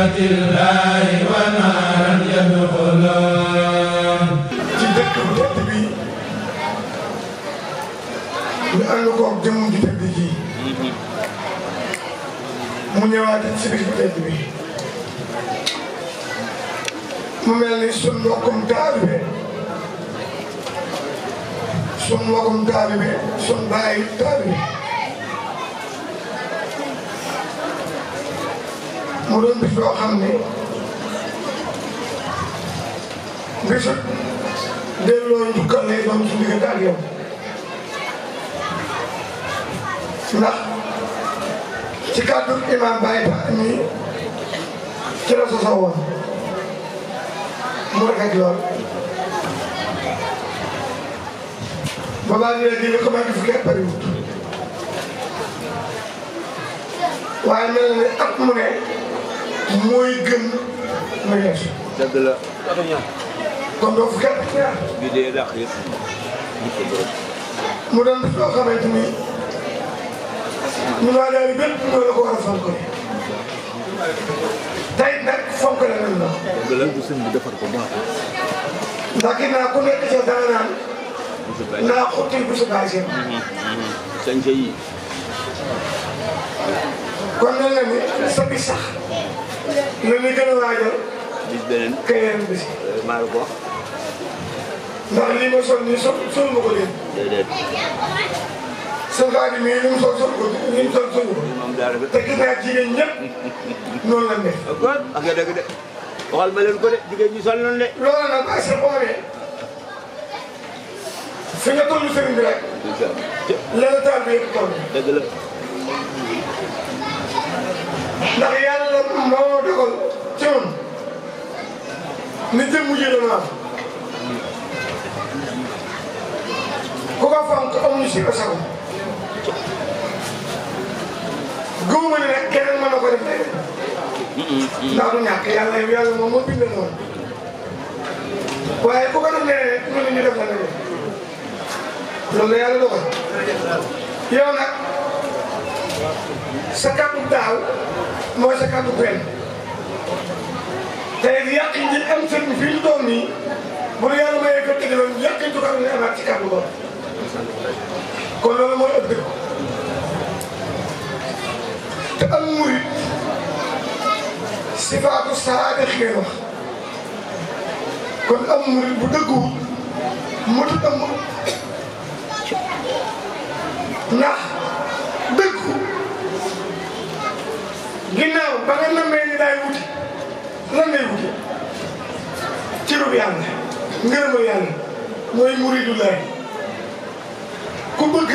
ñu ànd koog jëmm ju tedd ji mu ñëwaat ci bis bu tedd bi mu mel ni sun mbokkum taalibe sun mbokkum taalibe sun bàyyi taalibe mu doon bis boo xam ne bisu delloo njukkal lay doon suñu diggante ak yow ndax ci kàddu imam Baye Ba ñi ci la sosoo woon mu rafet lool ba baa ngi leen di li commencé fukki at bëriwut waaye mel na ne mu ne mooy gën nga yeesu. dëgg la. kon mu doon soo xamante ni ñu naan daal bépp ko war a fonk. tey nag fonk la nañ la. dëgg la bu sëñ bi defar ko baax. ndax ginnaaw ku nekk naan. naa xotti bu sa bàyyi seen. Mm-hmm. Mm-hmm. sañ sa yi. kon nan sax. lu ñu gën a waajal. bis beneen keneen bis. Euh, maa ngi ko wax. ndax lii ma sol nii sol sol ma ko leen. déedéet. seen xaar yi mais ñu ngi sol sol ko ñu ngi sol sol ko. moom daal te gis naa jigéen ñëpp noonu la ne. d'accord ak nga dëgg de waxal ma leen ko de jigéen ñi sol noonu de. loolu nag ak sa booree. la. ndax loo dogal ci moom ni jëmm ji doon am ku ko fonk amuñu si asam gëmuma ne rek keneen mën na ko def de ndax du ñàkk yàlla yow yàlla moom moo bindal moom waaye ku ko def nee rek ñu ñu def na ne loolu la yàlla dogal yow nag sa kàddu daaw mooy sa kàddu gu ren tey yàq yi ñu am sëñ bi fii ñu doon bu nu yàlla ko tëjee woon yàq yi tuuti na amaat ci kàddu boobu kon loolu mooy ëpp dëgg te am murit sifaatu saada xëy wax kon am murit bu dëggu motut ginnaaw ba nga namee ni daay wuti lan ngay ci lu yàlla ngërëma yàlla mooy muridu laay ku bëgg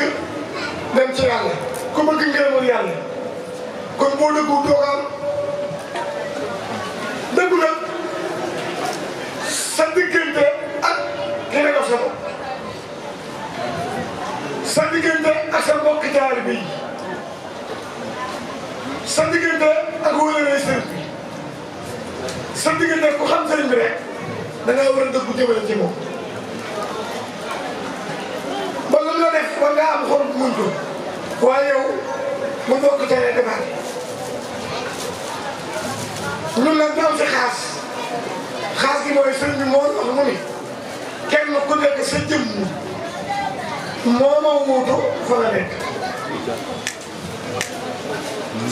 dem yàlla ku bëgg ngërëmal yàlla kon boo dëggu doogaam dëggu nag sa diggante ak ki nga yor sa bopp ak sa mbokk jaar bi diggante ak wóoree sëriñ bi sa diggante ku xam sëriñ bi rek da ngaa war a dëggu jëmale ci moom. ba lu la def war ngaa am xorom muñ ko waaye yow mu bokk tere demaat ñun nag ñu am si xaas sëriñ bi moo wax mu kenn ku nekk sa jëmm moo ma wuutu fa nga nekk.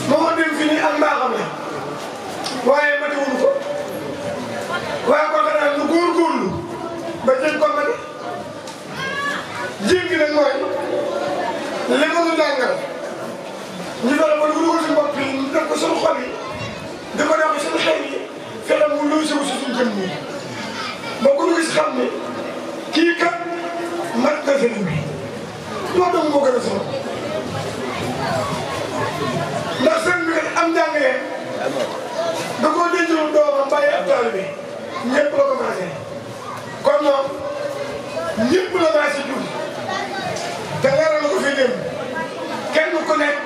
moo dem fi ni ak mbaaxam la waaye matiwul ko waaye kon xanaa lu góorgóorlu ba jël ko mati jéggi nag mooy li ko lu jàngal ñu fexe ba lu dugal si bopp yi ñu def ko suñu xol yi di ko def suñu xel yi fexe mu luy sew si suñu jëm yi ba ku ñu gis xam ne kii kat mat na sëriñ bi loolu dama moo gën a solo waaye ak tool bi ñëpp moom ñëpp la maa si dugg te leeral ko fi dem kenn ku nekk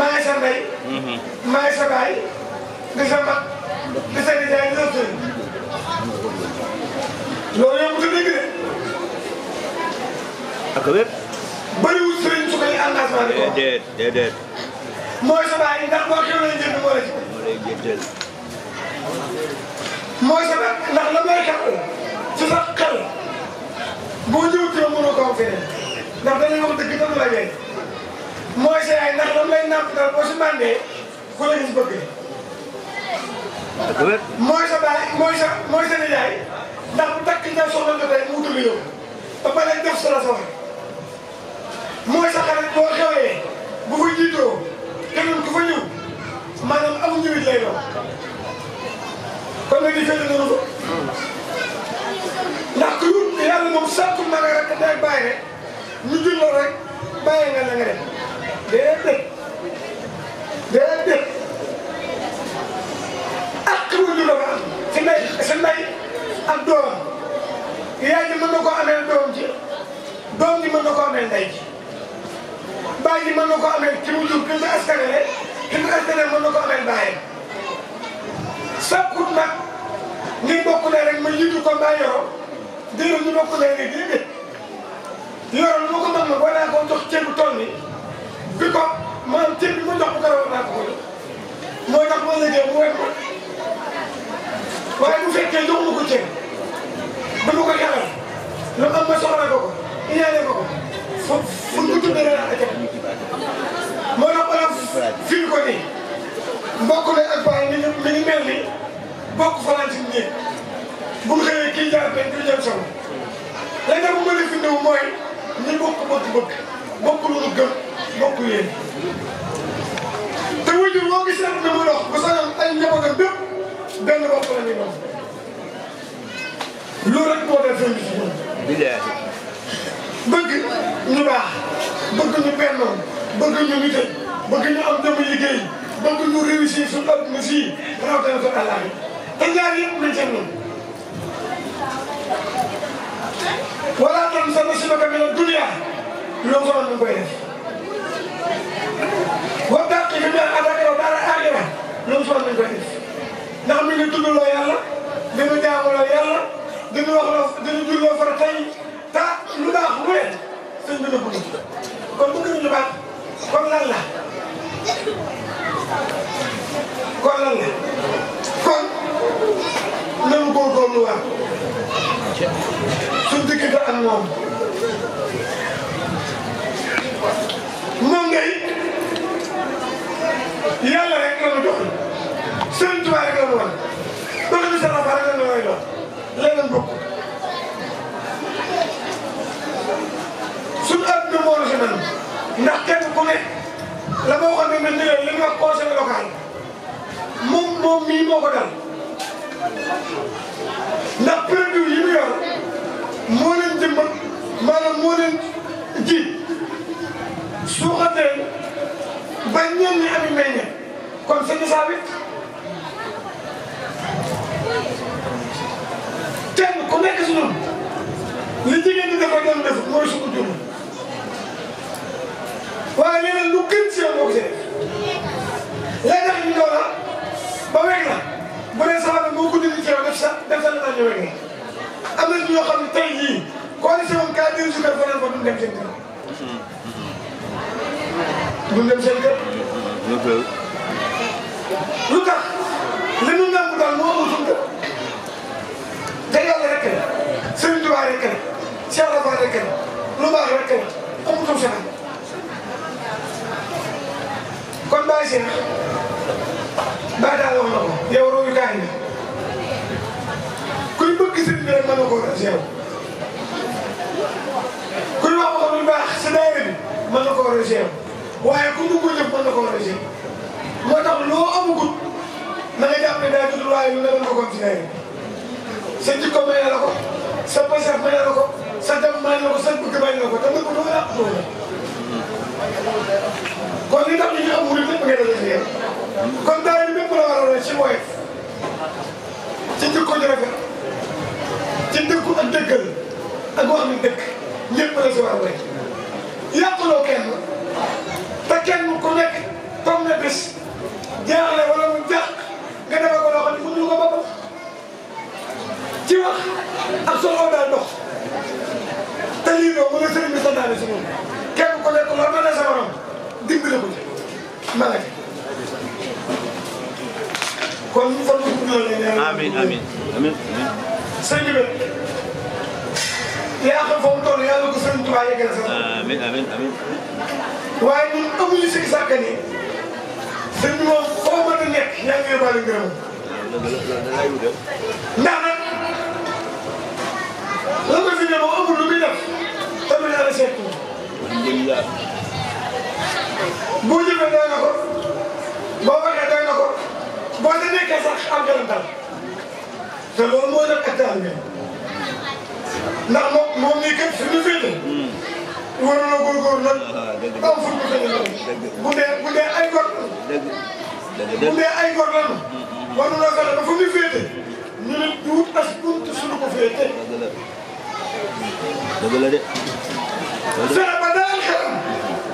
maay sa ndey. Mhm. maay sa baay di sa mag di sa nijaay di sa sëriñ loolu yow mu tëddee wér. bëriwul sëriñ su koy engagement di ko. déedéet déedéet. mooy sa baay ndax boo xewlee moo la ci. moo lay mooy sa ndax la may xel su sax xel boo ñëw ci mënoo ko am feneen ndax dañuy wax dëgg tam la ngay mooy sa lay nàmp si màndee ku la gis mooy sa baay mooy sa mooy sa nijaay ndax bu takk nga soxla nga tey mu wutu yow ba pare def sa la sa wax mooy sa xarit boo xewee bu ko jiitoo keneen ku fa ñëw maanaam amu ñëwit lay doon kon nag li fekk na ko ndax ku ma nga rek day bàyyi rek ñu jël loolu nga la nga def déedéet déedéet ak wëndu la am si ndey si ndey ak doomam yaay ji mën na koo amee doom ji doom ji mën na koo amee ndey ji baay ji mën na koo amee ki mu jur ki mu askanale ki mu askanale mën na koo amee baayam sàkkut nag bokkulee rek ma yo combat yoro déedéet ñu bokkulee rek déedéet yoro lu ma ko mën ma boo naa ko jox ceeb bu toll nii bi ko maanaam ceeb bi ma jox bu ko war naa ko ko jox mooy tax ma mu wér ma waaye bu fekkee joxuma ko ceeb dama ko yaral lu am ma soxla ko ko iñaane ko ko fo fu mu tuddee rek ak ceeb moo tax balaa fii ko nii mbokk la ak bàyyi mi ngi mel ni bokk farantin nii bu mu xëyee kii jaar benn kii jël solo léegi nag bu ma leen mooy ñi bokk bëgg-bëgg bokk lu ñu gëm te wujur boo gis rek dama dox bu sañoon ay njabootam bépp benn bopp la ñuy doon loolu rek moo def seen bis bëgg ñu baax bëgg ñu bennoo bëgg ñu nite bëgg ñu am dem liggéey bëgg ñu réussir suñu adduna si rawatina suñu àll bi te ñaar yëpp nañ ca noonu. wala tan sa nasibaka min ad-dunya loo ko doon koy def wa taqi mimma ataka dar al-akhirah loo ko doon koy def ndax mi ngi tudd loo yàlla mi ngi jaamuloo yàlla mi ngi wax loo mi ngi tey ta lu baax mu ne sëñ bi la bëgg kon bëgg nañu lu baax kon lan la kon lan la kon nanu góorgóorlu waat suñ diggante ak moom moom ngay yàlla la ma jox Sëriñ Tuubaa rek la ma wan loolu bi sa rafa rek la ma way doon leneen bokk suñ àdduna moo la si man ndax kenn ku ne la ma waxoon ne mel ni li nga conseil local moom moom mii moo ko dal ndax produit yi mu yor moo leen jëmb maanaam moo leen ji suuxatee ba ñenn ñi ami meññe kon sëñ Issa bi kenn nekk si ñun li jigéen ñi dafa doon def mooy suñu jur waaye leneen lu gën si yow moo si def léeg-léeg ñu doon ba weeg la. bu dee saxaaba moo ko dindi ci yow def sa def sa nataal yow rek am na ñoo xam ne tey jii coalition am kaa diri su kër fanaan fa duñ dem seen kër. duñ dem seen kër. lu tax li ñu nangu daal moo amul suñu kër. te yàlla rek la Serigne Touba rek la Cheikh Rafa rek la lu baax rek la amutum sax kon Baye Talla wax na ko yow royukaay nga kuy bëgg sëriñ bi rek mën na koo roy si yow kuy wax wax lu baax sa daayira bi mën na koo roy si yow waaye ku bëgg ñëpp na koo roy moo tax loo amagut na nga jàpp ne daa judd waaye lu ne mën nga continuer sa jikko may la ko sa pasaf may la ko sa dem may la ko sa bëgg may la ko te kon li tax ñu am wuri lépp nga def si yow billah bu jëfee doy na ko boo waxee doy na ko boo da nekkee sax am xelam dal boo loolu moo def état bi ndax moom moom mii kat suñu féete hmm. waroon na góorgóorlu nag ah, ah, am fu ñu fexe nag bu dee bu ay gor bu dee ay gor lan waroon na fexe ba fu ñu féete ñu ne du as bunt suñu ko féete dëgg la de fexe ba daal xelam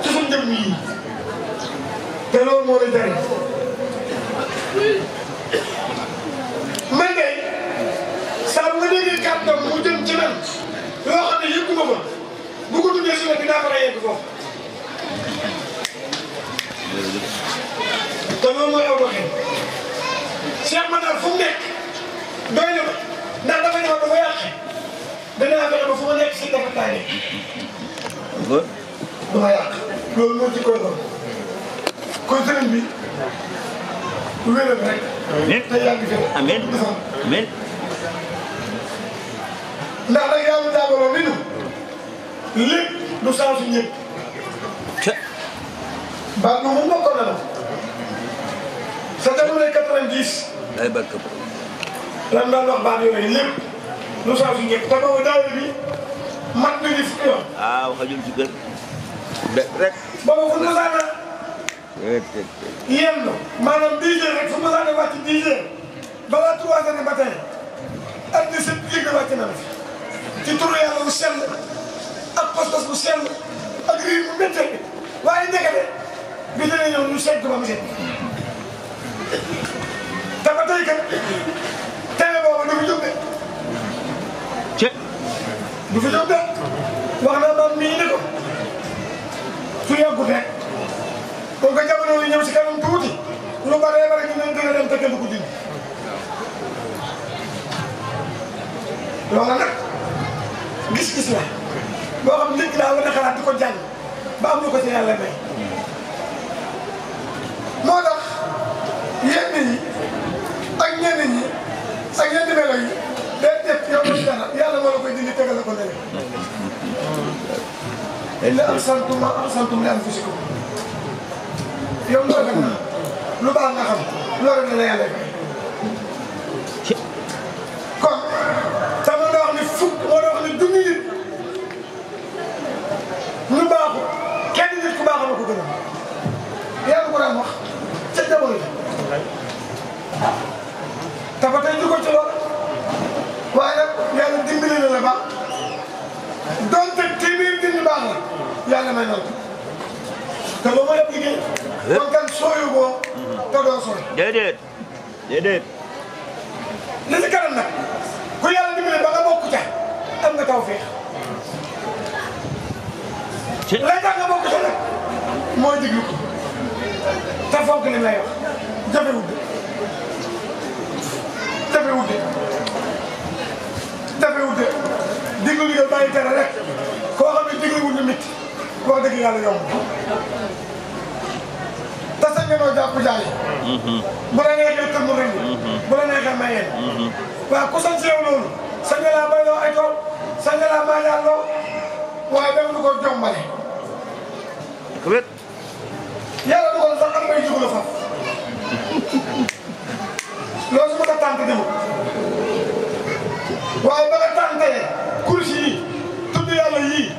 ci suñ jëm te loolu moo lay jëriñ man de saa bu nga ci man loo xam ne yëpp nga fa bu ko tuddee si la te loolu mooy aw doxee Cheikh Matar fu mu nekk doy na ma ndax dafa ñëw dafa yàqe danaa fexe ba fu ma nekk si dafa tànnee ba. ma yàq loolu moo ci koy doon kon sëriñ bi wéral rek. amiin te yaa ngi fi rek. amiin amiin ndax nag yàlla jàngaloon ni ñu lépp du sens ñëpp. ca. baal ma mu bokkoon na la. sa jamonoy 90. day bëgg. lan daan wax baal yooyu lépp du sens ñëpp te boobu daaw bi. man nañu fukki yoon. ah xajul ci gën. be rek. boobu fu mu saana. yenn maanaam 10 heures rek fu mu saana wàcc 10 heures balaa 3 heures du matin ak di sëb yëg wàcc na la ci turu yàlla bu sell ak pas-pas bu sell ak riir bu méttee bi waaye ndekete bi dina ñëw ñu ba tey kat. du fi doon def wax na maam mii ni ko su yàggut rek kon ko jamono ñëw si kanam tuuti lu bare bare ñu leen gën dem te kenn ko dindi loola nag gis-gis la boo xam nit daa war a xalaat di ko jàng ba am lu ko ci yàlla may moo tax yenn yi ak ñenn ñi ak yenn melo yi day teg yow dañuy dara yàlla moo la koy a ko léegi. illa ahsantum ma ahsantum li anfusikum yow loolu rek la lu baax nga xam baaxoon yàlla may na te ba ma la liggéey. kon kan sooyu boo. te doo sooy. déedéet déedéet. li si kanam nag ku yàlla dimbali ba nga bokk ca am nga tawfeex. ci lay tax nga bokk ca nag mooy diglu ko te fonk li lay wax jafewul de jafewul de jafewul de diglu liggéey bàyyi tere rek. digle wut lu métti wax dëgg yàlla yomb te sañ nga noo jàpp jaay mhm. bu la neexee tëmb rëñ mhm. bu la neexee mayeen mhm. waaw ku sañ si yow loolu sañ nga laa bayloo ay tool sañ nga laa maayalloo waaye def lu ko jombale wét yàlla du ko sax am ngay juglu faf loolu su ma ko tànk demu waaye ba nga tànkee kursi yi tudd yàlla yii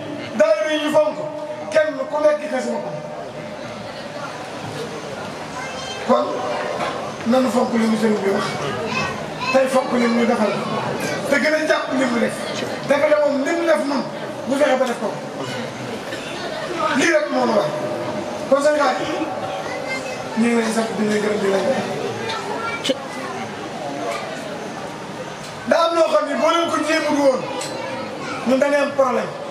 diine ñu fonk kenn ku nekk kese ma ko kon nanu fonk li ñu sëriñ bi wax tey fonk li ñu defal te gën a jàpp li mu def dafa ne moom li mu def noonu ñu fexe ba def ko lii rek moo la wax kon sëñ Ba ñu ngi lay sant di lay gërëm di lay daa am loo xam ne boo leen ko jéemul woon ñun da am problème.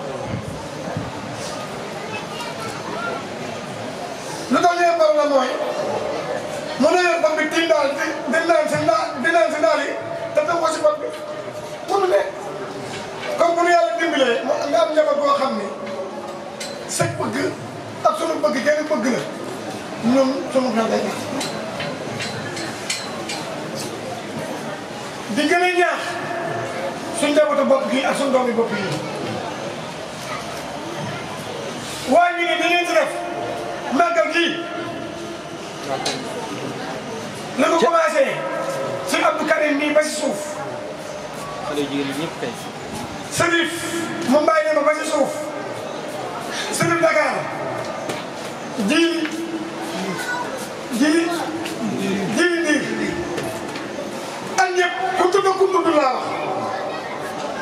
lu tax ñu par la mooy mën na yor bopp bi tiim daal di di naan si ndaa di naan si ndaal te teg ko si bopp bi pour ne comme bu nu yàlla dimbalee nga am njaboot boo xam ni ak sunu bëgg kenn bëgg la ñoom sunu xel day di gën a ñaax suñ njabootu ak suñ doomi bopp yi waa ñu ne dañuy def. màggal gii na ko commencé sëñ Abdou Karim nii ba si suuf si suuf sëriñ Dakar ji ji ji ndi ak ku ku tudd laa wax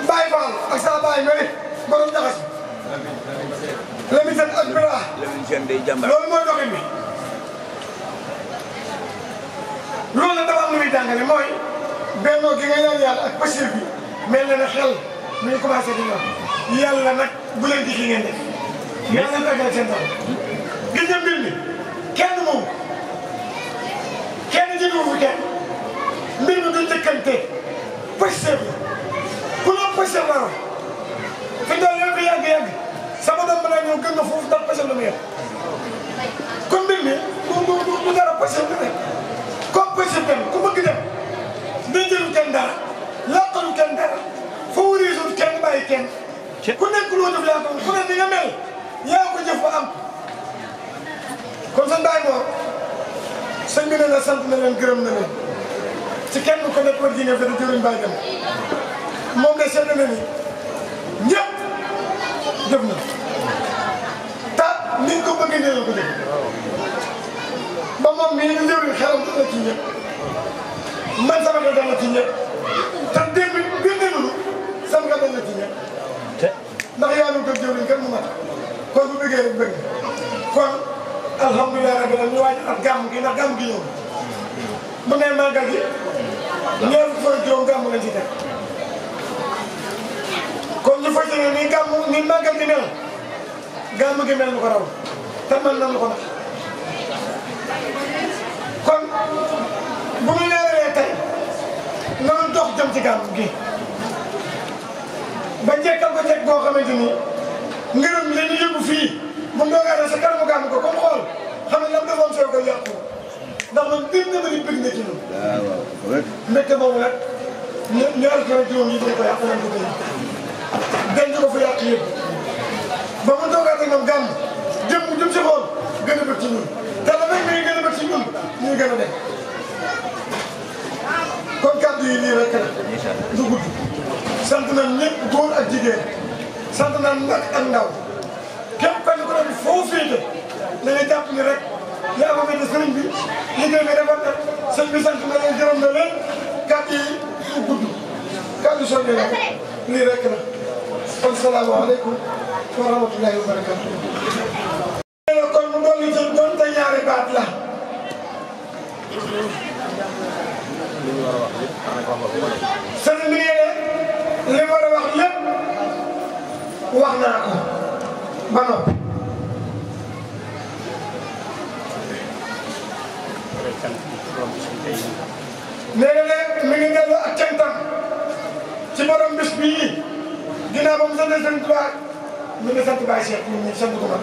Baye Fall ak sa Baye ñoo ne borom Lamine Sène ak Bira. Lamine Sène doxin bi. loolu nag dafa am lu muy jàngale mooy gi nga ñaan yàlla ak basiir bi mel na ne xel mi ngi commencé di ñor yàlla nag bu leen di ki ngeen def. yàlla na fekkee seen taw. gis nga mbir mi kenn moom kenn jëndu wu kenn mbir mi du njëkkante bi ku fi mu toll yàgg yàgg. sama doom mën naa ñëw gën nga foofu dara pasal la muy yem kon mbir mi kenn ku bëgg na jëlu kenn dara laatalu kenn dara favorisul kenn bàyyi kenn ku nekk loo def yaa ku ne ni yaa ko jëf am kon sa ndaay moor sëñ la sant na leen gërëm na leen ci kenn nekk war ji da jëriñ bàyyi dem moom de seetlu na ni jëf na ndigal la ko def ba moom mii ñu jëriñ xelam dana ci ñëpp man sama dana ci ñëpp te démb bind nañu sama dana ci ñëpp ndax yaa ngi ko jëriñ kenn mu mat kon bu bëggee bëgg kon alhamdulilah rabbil alamin ñu waaj ak gàmm gi ndax gàmm gi ñëw mu ne màggal gi ñeent fooy juróom gàmm lañ ci teg kon ñu fay tëjee nii gàmm nii màggal gi mel gàmm gi mel nu ko raw te man nañu ko kon bu ñu leeralee tey noonu dox jëm ci gàmmu gi ba jekkal ko jekk boo xamante ni ngërëm li ñu yóbbu fii bu ndoogaa ne sa kanamu gàmmu ko comme xool xam ne lam defoon soo ko yàqu ndax man biir na ma ni bëgg na ci ñun. waaw mbégte moomu dañ ko yàq ba mu doogaat ak ñoom gàmmu. ci xool gën a bëgg ci ñun te dafay mi gën a bëgg ci ñun ñuy gën a nekk kon kàddu yi nii rek la gudd sant nañ ñëpp góor ak jigéen sant nañ mag ak ndaw képp kenn ku nekk foo féete dañuy jàpp ni rek yaa ko mel ne sëriñ bi liggéey bi defal na sëñ bi sant a leen gërëm na leen kàddu yi du gudd kàddu soññe la nii rek la kon salaamaaleykum wa rahmatullahi wa barakatuh wax naa ko ba noppi. léeg-léeg mi ngi dellu ak cantam ci borom bés bii ginnaaw ba mu sant seen tubaab mi ngi sant Baye Cheikh ñun ñun sant ko man.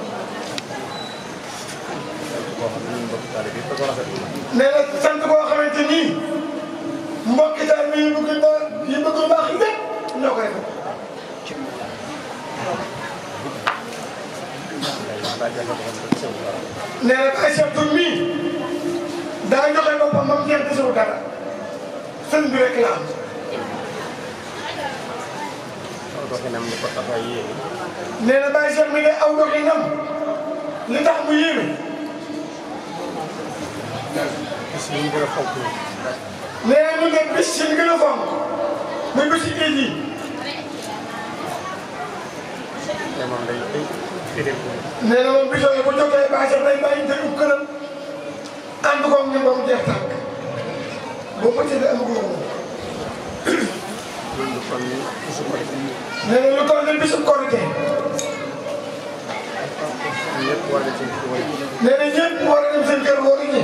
nee na sant boo xamante ni mbokk yi daal mi ngi bëgg ba yi bëgg ba. nee na ay sa tur mii daa joxe boppam ba mu kenn gisul dara sëñ bi rek la am. nee na bàyyi sëñ mi de aw doxinam li tax mu yéeme. bis yi ñu gën a fonk. nee na ñu ne bis yi ñu gën a fonk muy bis yi géej yi. nee na moom biso yi bu jotee baax day bàyyi te du këram ànd koog ñu ba mu jeex tànk boo ko jëlee am góor nee na lu toll ni bisu korite nee na ñëpp war a dem seen kër wóor ñi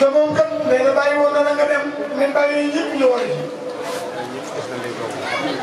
te moom kat nee na bàyyi woon na nga dem mais bàyyi ñëpp ñu war a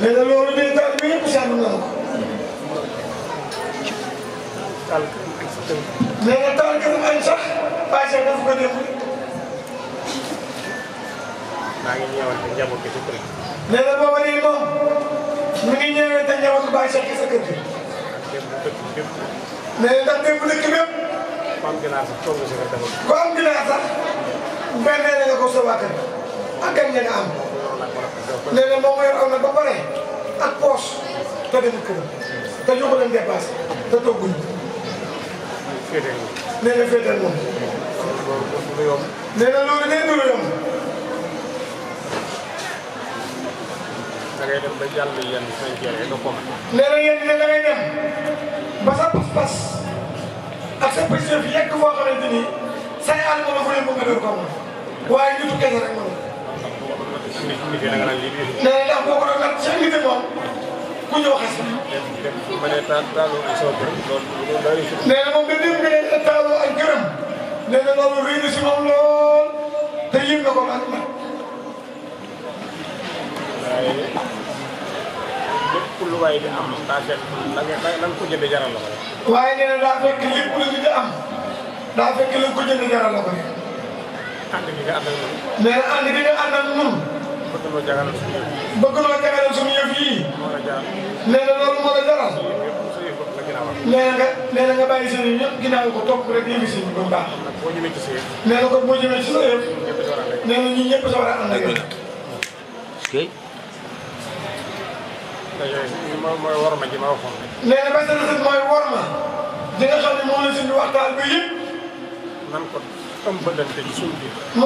nee na loolu bi daal bi yëpp seetlu na ko. nee na taal kër añ sax passé daf ko def. ngi ñëwante njaboot gi ci kër ngi ñëwee te ñëwaat bàyyi sa sa kër gi. nee na ndax démb dëkk bépp. ku am ginaar sax toog nga si la nga ko sa nga am. nee na moom yor pare ak poche te demul këram te yóbbu leen dépassé te togguñu. nee na féetal nelayan, nelayan, nelayan, nelayan, nelayan, nelayan, nelayan, nelayan, nelayan, nelayan, nelayan, nelayan, nelayan, nelayan, nelayan, nelayan, nelayan, nenek nelayan, nelayan, nelayan, nelayan, nelayan, nelayan, nelayan, nelayan, nelayan, pas-pas nelayan, nelayan, nelayan, nelayan, nelayan, nelayan, nelayan, nelayan, nelayan, nelayan, nelayan, nelayan, nelayan, nelayan, nelayan, nelayan, nelayan, nelayan, nelayan, waaye nee ndax boo ko doon natt sa unité moom ku ñëw xas. nee na moom da dem nga taaloo ak gërëm. nee na loolu rëy na si moom lool te yëg na ko man man. waaye lépp lu waay di am daa fekk la nga ko jëndee jaral la ko. waaye nee na daa fekk lépp lu di am daa fekk la nga ko jëndee jaral la ko. ànd gi nga àndal noonu. nee na ànd gi nga àndal noonu. bëgg loo jagalal suñu yëf yi. bëgg loo jagalal suñu yëf yi. nee na loolu moo la jaral. nee na nga nee na nga bàyyi seen i ñëpp ginnaaw ko topp rek yëngu si ba mu baax. nee na kon boo jëmee ci sa a ànd ma ne moom la waxtaan bi yëpp. nan ko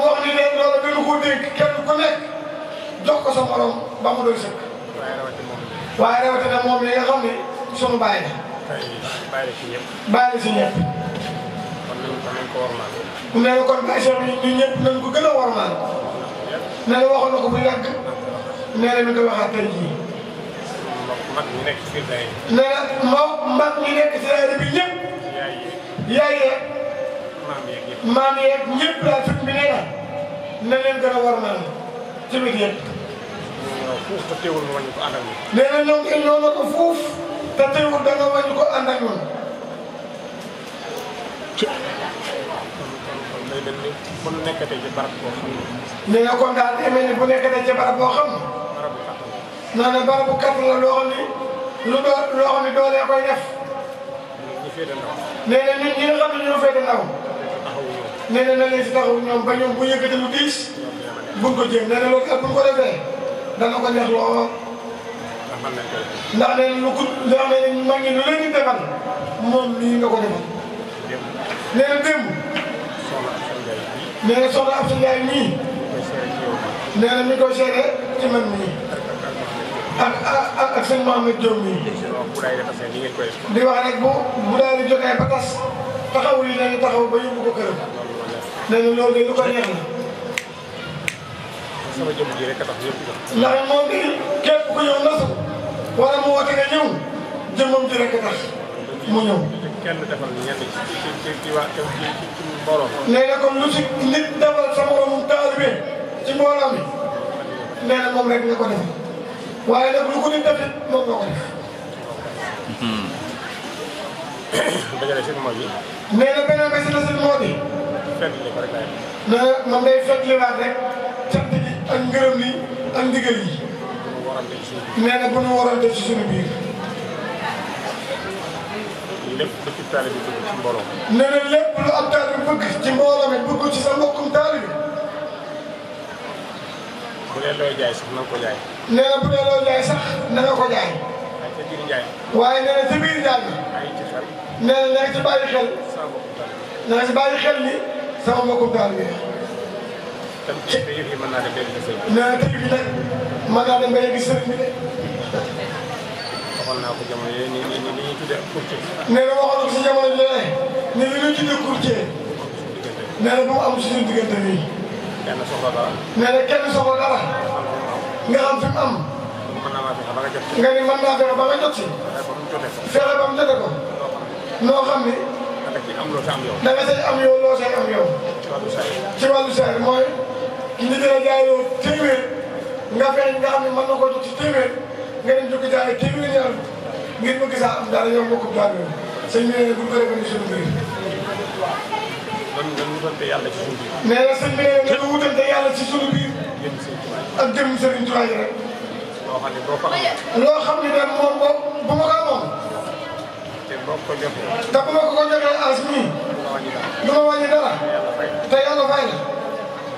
wax ni ne loolu gën a ko dégg kenn ku jox ko sa morom ba mu doy sëkk. waaye rawatina moom li nga xam ne sunu baay la. baay la si ñëpp. baay la si ñëpp. kon nañu kon nañu ko warmaal. nee na kon Baye Cheikh ñun gën a warmaal. nee ko bu yàgg. nee na mi ngi koy waxaat tey jii. mag ñi nekk ci biir daayira. nee bi ñëpp. yaay yeeg. leen gën a warmaal ci ñoo fuuf te teewul nga wàññi ko ànd ak ñoom kenn ñoo la ko fuuf te teewul da nga ko ànd ak ci. kon day bu nekkatee ci barab boo xam ne. nee na kon daal day ni bu nekkatee ci barab boo xam. barabu barabu kàttan la loo xam ni lu doo loo xam ni doolee koy def. ñu féete ñi nga xam ne ñoo féete ndaw. nee na na si taxaw ñoom ba ñoom bu yëkkati lu diis. buñ ko jéem nee na loolu kat buñ ko defee. dana ko neex lool. ndax nee na lu ko ndax nee na mag ñi lu leen di defal moom nga ko defal. nee na démb. nee na soxna Abdou Ndiaye mii. nee na mi koy seede ci man mii. ak ak seen Mohamed Diop mii. di wax rek bu bu daal di jotee nañu taxaw ba yóbbu ko këram. nee na loolu lu ko neex sama jëm ji rek a tax ñëpp ñëw. ndax moom bi képp ku ñëw nasu wala mu woote nga a tax mu ñëw. kenn defal ñenn ci ci ci waa na moom rek nga ko def waaye nag lu ko nit def it moom nga ko def. Hmm. dajale seen moo bi. nee na beneen bi si la moo bi. fekk li ko rek fekk li waat rek. ak ngërëm li ak ndigal yi nee na bu nu waral def ci suñu biir. lépp bi bëgg ci lépp lu ab taal ci mbooloo mi bëgg sa mbokkum taal bi. bu ko jaay. nee na bu dee looy jaay sax na ko jaay. waaye nee na ci biir jaay ci bàyyi xel. na ci bàyyi xel ni sama mbokkum taal tam nee na tey bi nag naa dem ba yëg sëriñ bi de. waxoon naa ko jamono yooyu ni ni ni ñuy tuddee courtier. nee na waxoon na si jamono bi ne li ñuy tuddee courtier. nee na bu mu am si suñu diggante nii. kenn na kenn soxla dara. nga xam fi mu am. nga ni mën naa fexe ba nga jot si. fexe ba mu jote ko. noo xam am yow ci wàllu saa mooy. ñu gën a jaayoo téeméer nga feeñ nga xam ne mën na ko jox ci téeméer nga dem jóg jaayee téeméer ñaar ngir bëgg saa am daal yow mbokku daal yow sëñ bi nee na bu ñu ko defee ni suñu mbir. man man wutante yàlla ci suñu biir. nee na sëñ bi nee na nga wutante yàlla ci suñu biir. ak jëm Serigne Touba rek. loo xam ne boo ko amoon. loo xam ne nag moom boo bu ma ko amoon. te boo ko joxee. te bu ma ko ko joxee as mii. du ma wàññi dara. te yàlla fay la.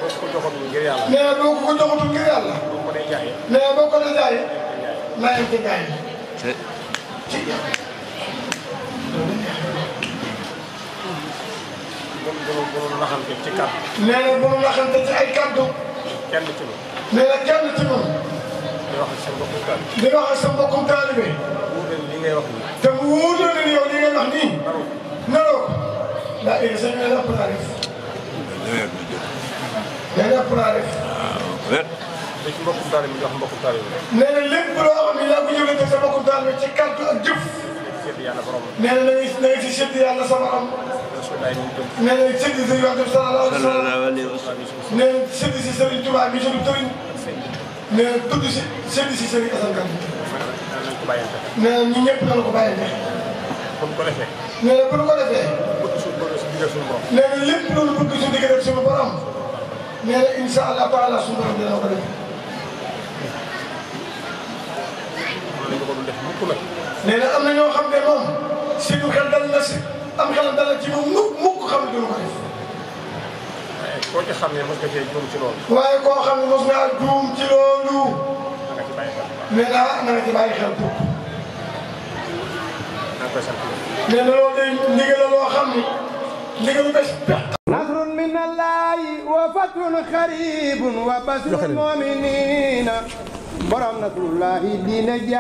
ko joxoon ngir yàlla. nee boo ko ko joxatul ngir yàlla. boo ko dee jaayee. nee boo ko dee jaayee. maa ngi ci jaay. ci jaay. bul bul bul naxante ci kàddu. nee na bul naxante ci ay kàddu. kenn ci moom. nee na kenn ci moom. di wax ak sa mbokku taalibe. di wax ak sa mbokku taalibe. wuuteel li ngay wax nii. te mu wuuteel yow li ngay wax nii. naroo naroo. daa indi sëñ bi la nee na Pulaar rek. waaw wér. li ci mbokkum taalibe bi ndax mbokkum taalibe bi. nee na lépp loo xam ne yaa ngi ko yëngate sa mbokkum taalibe bi ci kàddu ak jëf. nee na ngay ngay ci sédd yàlla sama am. nee na sédd si yoon bi sallallahu alayhi wa sallam. nee na sédd si Serigne Touba bi suñu tëriñ. nee na tudd si sédd si Serigne Assane Kane. nee na ñu ñëpp dana ko bàyyante. nee na bu ñu ko defee. nee na lépp loolu bëgg suñu diggante suñu borom. nee na incha allah taala suñu borom dina ko def. nee na am na ñoo xam ne moom seenu xel dal na si am xelam dal na ci moom mukk mukk xam duñu ko def. koo ci xam ne mos nga cee juum ci loolu. waaye koo xam ne mos ngaa juum ci loolu. na nga ci bàyyi xel. mais daa na nga ci bàyyi xel tuuti. naa koy sant. mais loolu day ndigal la loo xam ni ndigalu bés. من الله وفتح خريب وبشر المؤمنين برم الله دين